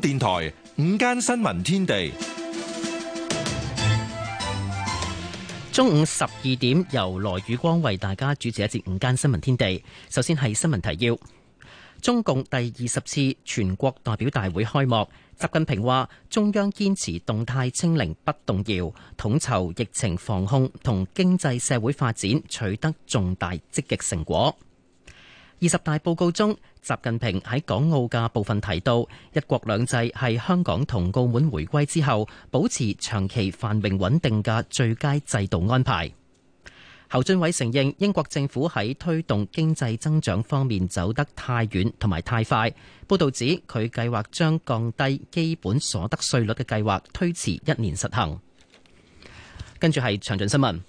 電台午間新聞天地，中午十二點，由羅宇光為大家主持一節午間新聞天地。首先係新聞提要：中共第二十次全國代表大會開幕，習近平話中央堅持動態清零不動搖，統籌疫情防控同經濟社會發展取得重大積極成果。二十大報告中，習近平喺港澳嘅部分提到，一國兩制係香港同澳門回歸之後保持長期繁榮穩定嘅最佳制度安排。侯俊偉承認英國政府喺推動經濟增長方面走得太遠同埋太快。報導指佢計劃將降低基本所得稅率嘅計劃推遲一年實行。跟住係詳盡新聞。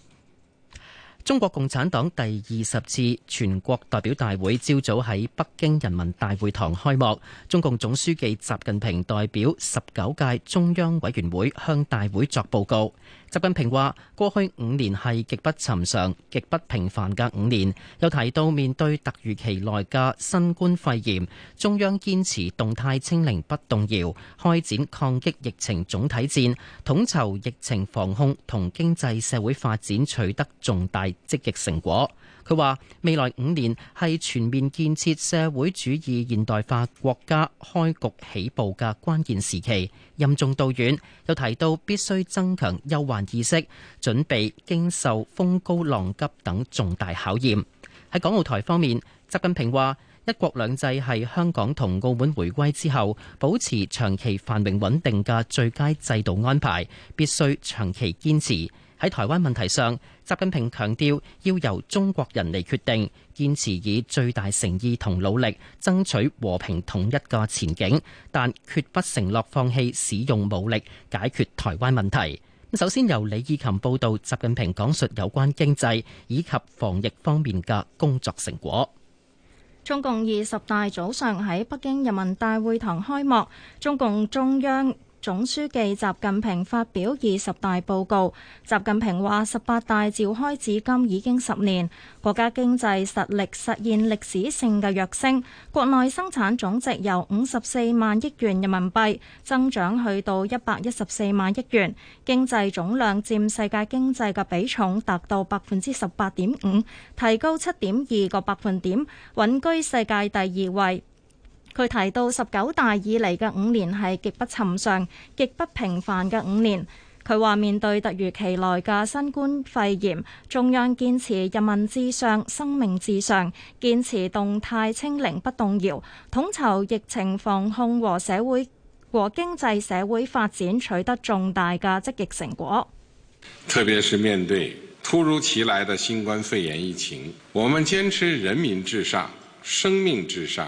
中國共產黨第二十次全國代表大會朝早喺北京人民大會堂開幕，中共總書記習近平代表十九屆中央委員會向大會作報告。習近平話：過去五年係極不尋常、極不平凡嘅五年。又提到面對突如其來嘅新冠肺炎，中央堅持動態清零不動搖，開展抗擊疫情總體戰，統籌疫情防控同經濟社會發展取得重大。積極成果。佢話未來五年係全面建設社會主義現代化國家開局起步嘅關鍵時期，任重道遠，又提到必須增強憂患意識，準備經受風高浪急等重大考驗。喺港澳台方面，習近平話一國兩制係香港同澳門回歸之後保持長期繁榮穩定嘅最佳制度安排，必須長期堅持。喺台灣問題上，習近平強調要由中國人嚟決定，堅持以最大誠意同努力爭取和平統一嘅前景，但決不承諾放棄使用武力解決台灣問題。首先由李義琴報道，習近平講述有關經濟以及防疫方面嘅工作成果。中共二十大早上喺北京人民大會堂開幕，中共中央，總書記習近平發表二十大報告。習近平話：十八大召開至今已經十年，國家經濟實力實現歷史性嘅躍升，國內生產總值由五十四萬億元人民幣增長去到一百一十四萬億元，經濟總量佔世界經濟嘅比重達到百分之十八點五，提高七點二個百分點，穩居世界第二位。佢提到，十九大以嚟嘅五年係極不尋常、極不平凡嘅五年。佢話面對突如其來嘅新冠肺炎，中央堅持人民至上、生命至上，堅持動態清零不動搖，統籌疫情防控和社會和經濟社會發展，取得重大嘅積極成果。特別是面對突如其來的新冠肺炎疫情，我們堅持人民至上、生命至上。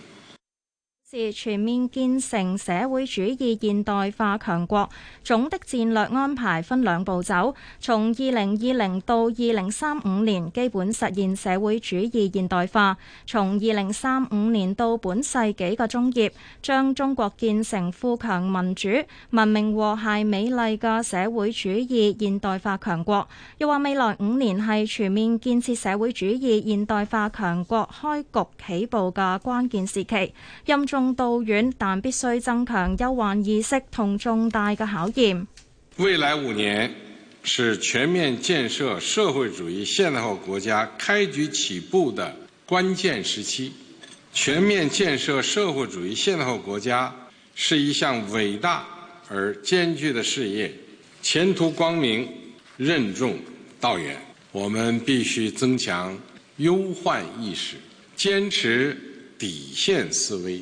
是全面建成社會主義現代化強國，總的戰略安排分兩步走：從二零二零到二零三五年，基本實現社會主義現代化；從二零三五年到本世紀嘅中葉，將中國建成富強民主文明和諧美麗嘅社會主義現代化強國。又話未來五年係全面建設社會主義現代化強國開局起步嘅關鍵時期，任重道遠，但必須增強憂患意識同重大嘅考驗。未來五年是全面建設社會主義現代化國家開局起步的關鍵時期。全面建設社會主義現代化國家是一項偉大而艱鉅的事業，前途光明，任重道遠。我們必須增強憂患意識，堅持底線思維。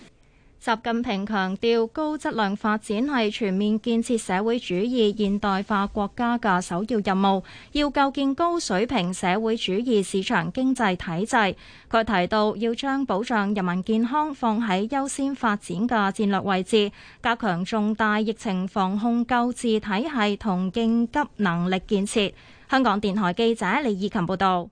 習近平強調，高質量發展係全面建設社會主義現代化國家嘅首要任務，要構建高水平社會主義市場經濟體制。佢提到，要將保障人民健康放喺優先發展嘅戰略位置，加強重大疫情防控救治體系同應急能力建設。香港電台記者李以琴報道。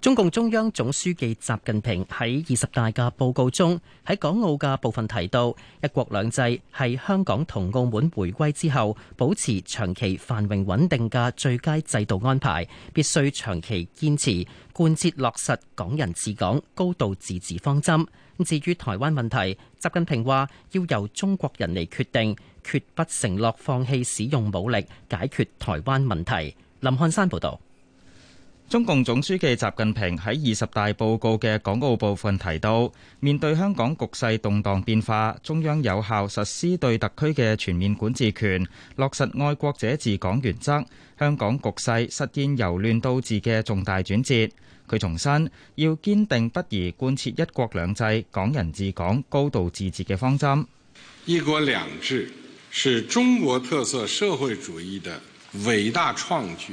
中共中央總書記習近平喺二十大嘅報告中，喺港澳嘅部分提到，一國兩制係香港同澳門回歸之後保持長期繁榮穩定嘅最佳制度安排，必須長期堅持貫徹落實港人治港、高度自治方針，至於台灣問題，習近平話要由中國人嚟決定，決不承諾放棄使用武力解決台灣問題。林漢山報道。中共總書記習近平喺二十大報告嘅港澳部分提到，面對香港局勢動盪變化，中央有效實施對特區嘅全面管治權，落實愛國者治港原則，香港局勢實現由亂到治嘅重大轉折。佢重申，要堅定不移貫徹一國兩制、港人治港、高度自治嘅方針。一國兩制是中國特色社會主義的偉大創舉。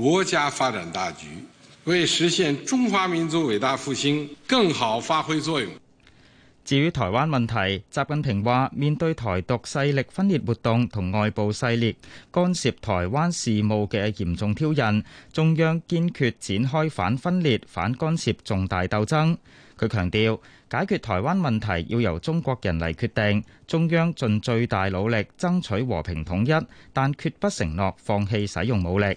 國家發展大局，為實現中華民族偉大復興，更好發揮作用。至於台灣問題，習近平話，面對台獨勢力分裂活動同外部勢力干涉台灣事務嘅嚴重挑釁，中央堅決展開反分裂、反干涉重大鬥爭。佢強調，解決台灣問題要由中國人嚟決定，中央盡最大努力爭取和平統一，但決不承諾放棄使用武力。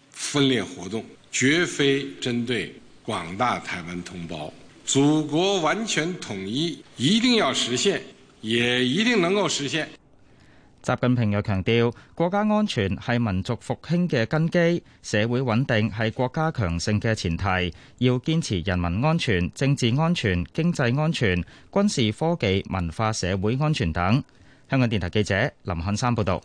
分裂活動絕非針對廣大台灣同胞，祖國完全統一一定要實現，也一定能夠實現。習近平又強調，國家安全係民族復興嘅根基，社會穩定係國家強盛嘅前提，要堅持人民安全、政治安全、經濟安全、軍事科技、文化社會安全等。香港電台記者林漢山報道。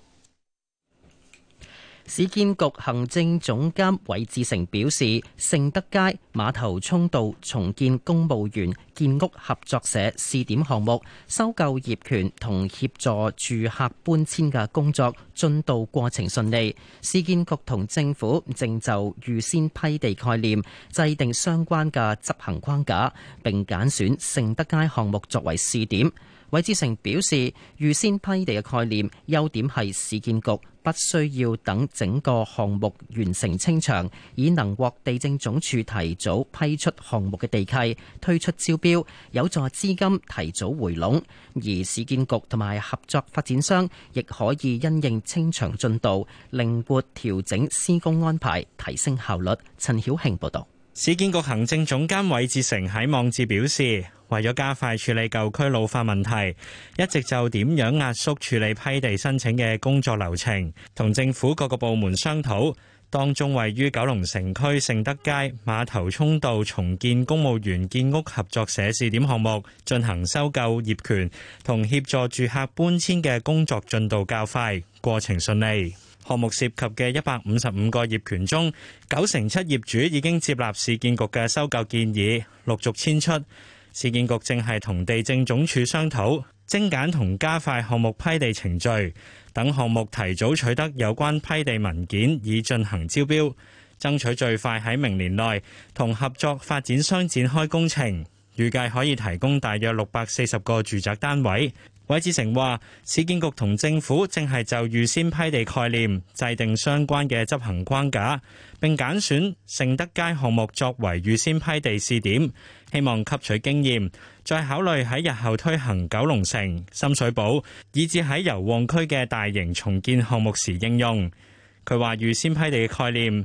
市建局行政總監韋志成表示，盛德街馬頭涌道重建公務員建屋合作社試點項目，收購業權同協助住客搬遷嘅工作進度過程順利。市建局同政府正就預先批地概念，制定相關嘅執行框架，並揀選盛德街項目作為試點。韋志成表示，預先批地嘅概念，優點係市建局不需要等整個項目完成清場，以能獲地政總署提早批出項目嘅地契，推出招標，有助資金提早回籠；而市建局同埋合作發展商亦可以因應清場進度，靈活調整施工安排，提升效率。陳曉慶報道。市建局行政總監韋志成喺網誌表示，為咗加快處理舊區老化問題，一直就點樣壓縮處理批地申請嘅工作流程，同政府各個部門商討。當中位於九龍城區盛德街馬頭涌道重建公務員建屋合作社試點項目，進行收購業權同協助住客搬遷嘅工作進度較快，過程順利。項目涉及嘅一百五十五個業權中，九成七業主已經接納市建局嘅收購建議，陸續遷出。市建局正係同地政總署商討精簡同加快項目批地程序，等項目提早取得有關批地文件，以進行招標，爭取最快喺明年內同合作發展商展開工程，預計可以提供大約六百四十個住宅單位。韋志成話：市建局同政府正係就預先批地概念制定相關嘅執行框架，并揀選盛德街項目作為預先批地試點，希望吸取經驗，再考慮喺日後推行九龍城、深水埗，以至喺油旺區嘅大型重建項目時應用。佢話預先批地嘅概念。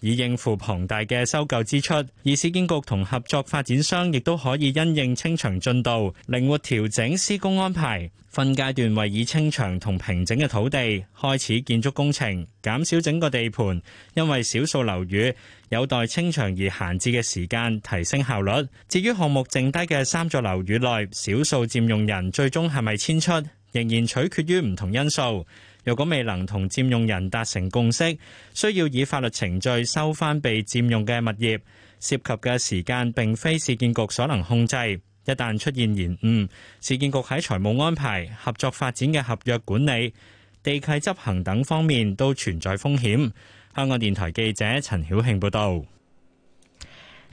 以應付龐大嘅收購支出，而市建局同合作發展商亦都可以因應清場進度，靈活調整施工安排，分階段為已清場同平整嘅土地開始建築工程，減少整個地盤因為少數樓宇有待清場而閒置嘅時間，提升效率。至於項目剩低嘅三座樓宇內少數佔用人最終係咪遷出，仍然取決於唔同因素。若果未能同佔用人達成共識，需要以法律程序收返被佔用嘅物業，涉及嘅時間並非市建局所能控制。一旦出現延誤，市建局喺財務安排、合作發展嘅合約管理、地契執行等方面都存在風險。香港電台記者陳曉慶報導。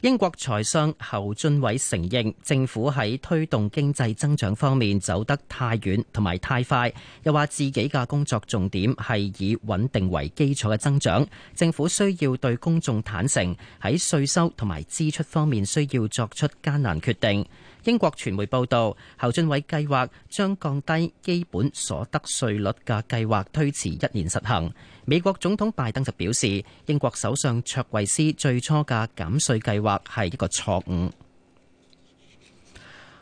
英國財相侯俊偉承認，政府喺推動經濟增長方面走得太遠同埋太快，又話自己嘅工作重點係以穩定為基礎嘅增長。政府需要對公眾坦誠，喺稅收同埋支出方面需要作出艱難決定。英國傳媒報導，侯俊偉計劃將降低基本所得稅率嘅計劃推遲一年實行。美國總統拜登就表示，英國首相卓慧思最初嘅減稅計劃係一個錯誤。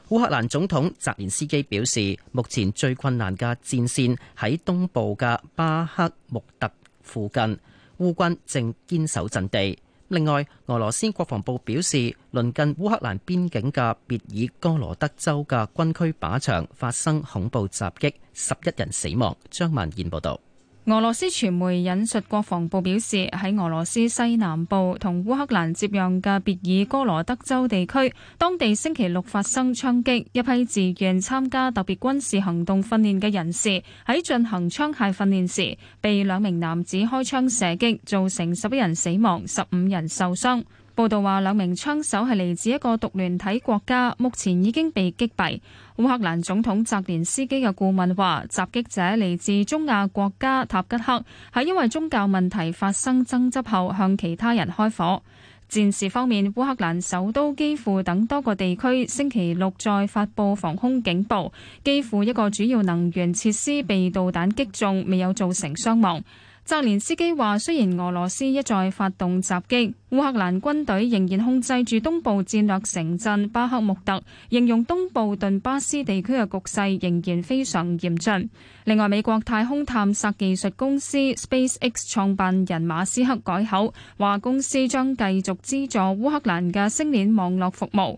烏克蘭總統澤連斯基表示，目前最困難嘅戰線喺東部嘅巴克穆特附近，烏軍正堅守陣地。另外，俄羅斯國防部表示，鄰近烏克蘭邊境嘅別爾哥羅德州嘅軍區靶，靶場發生恐怖襲擊，十一人死亡。張萬燕報導。俄羅斯傳媒引述國防部表示，喺俄羅斯西南部同烏克蘭接壤嘅別爾哥羅德州地區，當地星期六發生槍擊，一批自願參加特別軍事行動訓練嘅人士喺進行槍械訓練時，被兩名男子開槍射擊，造成十一人死亡、十五人受傷。報道話兩名槍手係嚟自一個獨聯體國家，目前已經被擊斃。烏克蘭總統澤連斯基嘅顧問話，襲擊者嚟自中亞國家塔吉克，係因為宗教問題發生爭執後向其他人開火。戰事方面，烏克蘭首都基輔等多個地區星期六再發布防空警報，基輔一個主要能源設施被導彈擊中，未有造成傷亡。澤連斯基話：雖然俄羅斯一再發動襲擊，烏克蘭軍隊仍然控制住東部戰略城鎮巴克穆特，形容東部頓巴斯地區嘅局勢仍然非常嚴峻。另外，美國太空探索技術公司 SpaceX 創辦人馬斯克改口，話公司將繼續資助烏克蘭嘅星鏈網絡服務。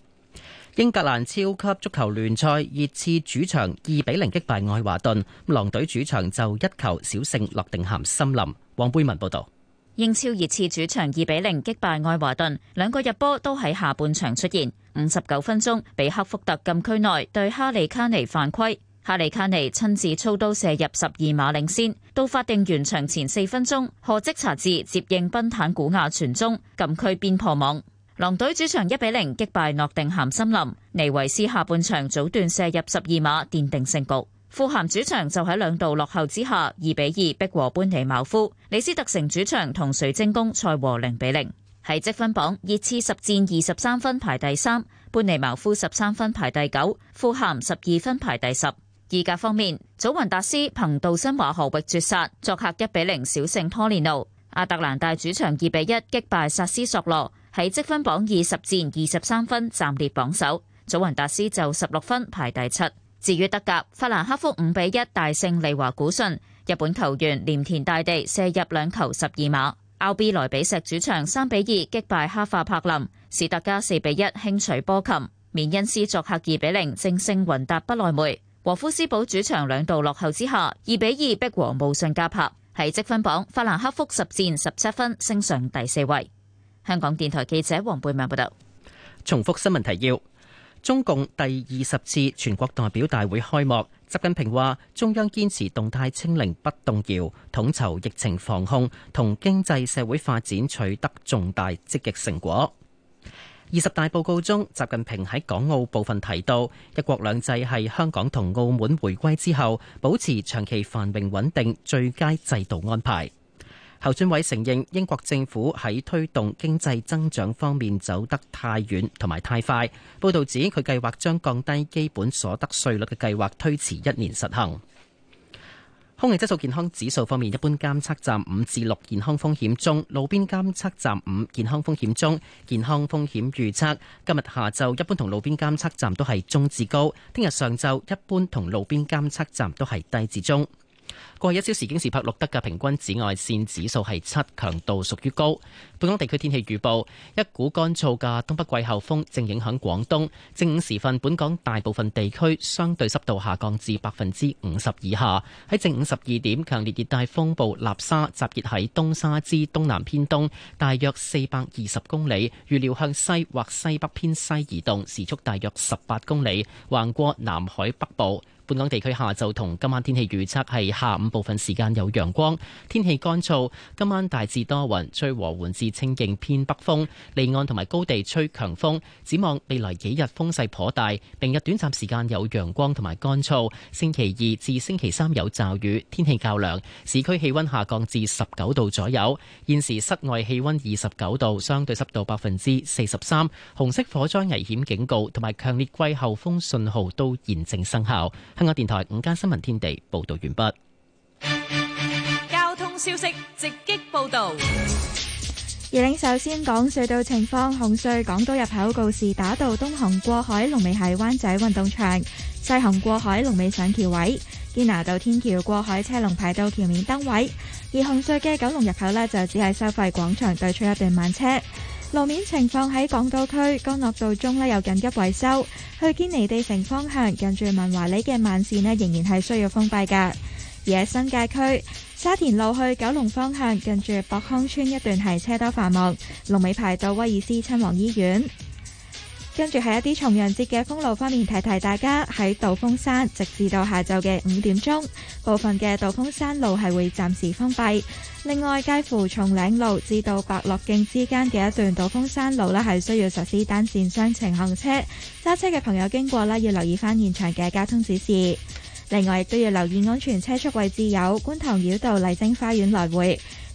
英格蘭超級足球聯賽熱刺主場二比零擊敗愛華頓，狼隊主場就一球小勝諾定咸森林。黃貝文報道：英超熱刺主場二比零擊敗愛華頓，兩個入波都喺下半場出現。五十九分鐘，比克福特禁區內對哈利卡尼犯規，哈利卡尼親自操刀射入十二碼領先。到法定完場前四分鐘，何積查治接應賓坦古亞傳中，禁區邊破網。狼隊主場一比零擊敗諾定咸森林，尼維斯下半場早段射入十二碼，奠定勝局。富咸主場就喺兩度落後之下二比二逼和班尼茅夫。李斯特城主場同水晶宮賽和零比零。喺積分榜，熱刺十戰二十三分排第三，班尼茅夫十三分排第九，富咸十二分排第十。意甲方面，祖雲達斯憑杜森華河域絕殺，作客一比零小勝拖連奴。阿特蘭大主場二比一擊敗薩斯索洛。喺積分榜二十戰二十三分，暫列榜首。祖雲達斯就十六分排第七。至於德甲，法蘭克福五比一大勝利華古遜，日本球員鐮田大地射入兩球十二碼。奧比萊比錫主場三比二擊敗哈化柏林，史特加四比一輕取波琴。緬恩斯作客二比零正勝雲達不萊梅。和夫斯堡主場兩度落後之下，二比二逼和慕遜加柏。喺積分榜，法蘭克福十戰十七分，升上第四位。香港電台記者王貝曼報道。重複新聞提要：中共第二十次全國代表大會開幕，習近平話中央堅持動態清零不動搖，統籌疫情防控同經濟社會發展取得重大積極成果。二十大報告中，習近平喺港澳部分提到，一國兩制係香港同澳門回歸之後保持長期繁榮穩定最佳制度安排。侯俊偉承認英國政府喺推動經濟增長方面走得太遠同埋太快。報道指佢計劃將降低基本所得稅率嘅計劃推遲一年實行。空氣質素健康指數方面，一般監測站五至六健康風險中，路邊監測站五健康風險中，健康風險預測今日下晝一般同路邊監測站都係中至高，聽日上晝一般同路邊監測站都係低至中。過去一小時，京士柏錄得嘅平均紫外線指數係七，強度屬於高。本港地區天氣預報：一股乾燥嘅東北季候風正影響廣東。正午時分，本港大部分地區相對濕度下降至百分之五十以下。喺正午十二點，強烈熱帶風暴納沙集結喺東沙之東南偏東，大約四百二十公里，預料向西或西北偏西移動，時速大約十八公里，橫過南海北部。本港地區下晝同今晚天氣預測係，下午部分時間有陽光，天氣乾燥。今晚大致多雲，吹和緩至清勁偏北風，離岸同埋高地吹強風。展望未來幾日風勢頗大，明日短暫時間有陽光同埋乾燥。星期二至星期三有驟雨，天氣較涼，市區氣溫下降至十九度左右。現時室外氣溫二十九度，相對濕度百分之四十三。紅色火災危險警告同埋強烈季候風信號都現正生效。香港電台午間新聞天地報道完畢。交通消息直擊報道，葉嶺首先講隧道情況。紅隧港島入口告士打道東行過海龍尾係灣仔運動場，西行過海龍尾上橋位堅拿道天橋過海車龍排到橋面燈位。而紅隧嘅九龍入口呢，就只係收費廣場對出一段慢車。路面情況，喺港島區干諾道中呢，有緊急維修，去堅尼地城方向近住文華里嘅慢線呢，仍然係需要封閉㗎。而喺新界區沙田路去九龍方向近住博康村一段係車多繁忙，龍尾排到威爾斯親王醫院。跟住喺一啲重陽節嘅封路方面，提提大家喺道風山，直至到下晝嘅五點鐘，部分嘅道風山路係會暫時封閉。另外，介乎松嶺路至到白樂徑之間嘅一段道風山路呢係需要實施單線雙程行車，揸車嘅朋友經過呢要留意翻現場嘅交通指示。另外，亦都要留意安全車速位置有觀塘繞道麗晶花園來回。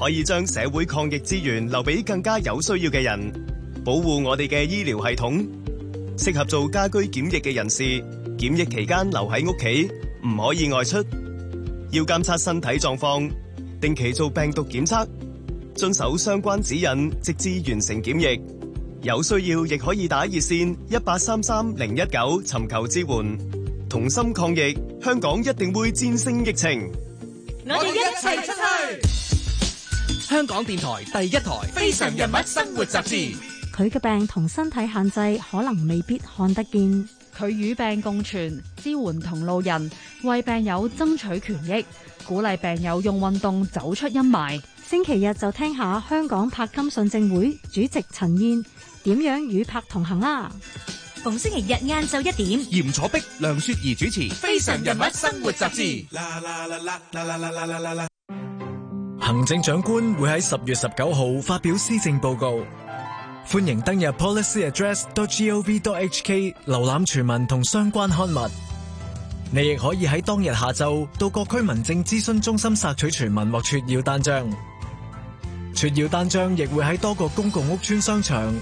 可以將社會抗疫資源留俾更加有需要嘅人，保護我哋嘅醫療系統。適合做家居檢疫嘅人士，檢疫期間留喺屋企，唔可以外出。要監測身體狀況，定期做病毒檢測，遵守相關指引，直至完成檢疫。有需要亦可以打熱線一八三三零一九尋求支援。同心抗疫，香港一定會戰勝疫情。我哋一齊出去。香港電台第一台《非常人物生活雜誌》，佢嘅病同身體限制可能未必看得見，佢與病共存，支援同路人，為病友爭取權益，鼓勵病友用運動走出陰霾。星期日就聽下香港柏金遜症會主席陳燕點樣與柏同行啦，啊。逢星期日晏晝一點，嚴楚碧、梁雪兒主持《非常人物生活雜誌》。行政長官會喺十月十九號發表施政報告，歡迎登入 policyaddress.gov.hk 瀏覽全文同相關刊物。你亦可以喺當日下晝到各區民政諮詢中心索取全文或撮要單張，撮要單張亦會喺多個公共屋邨商場。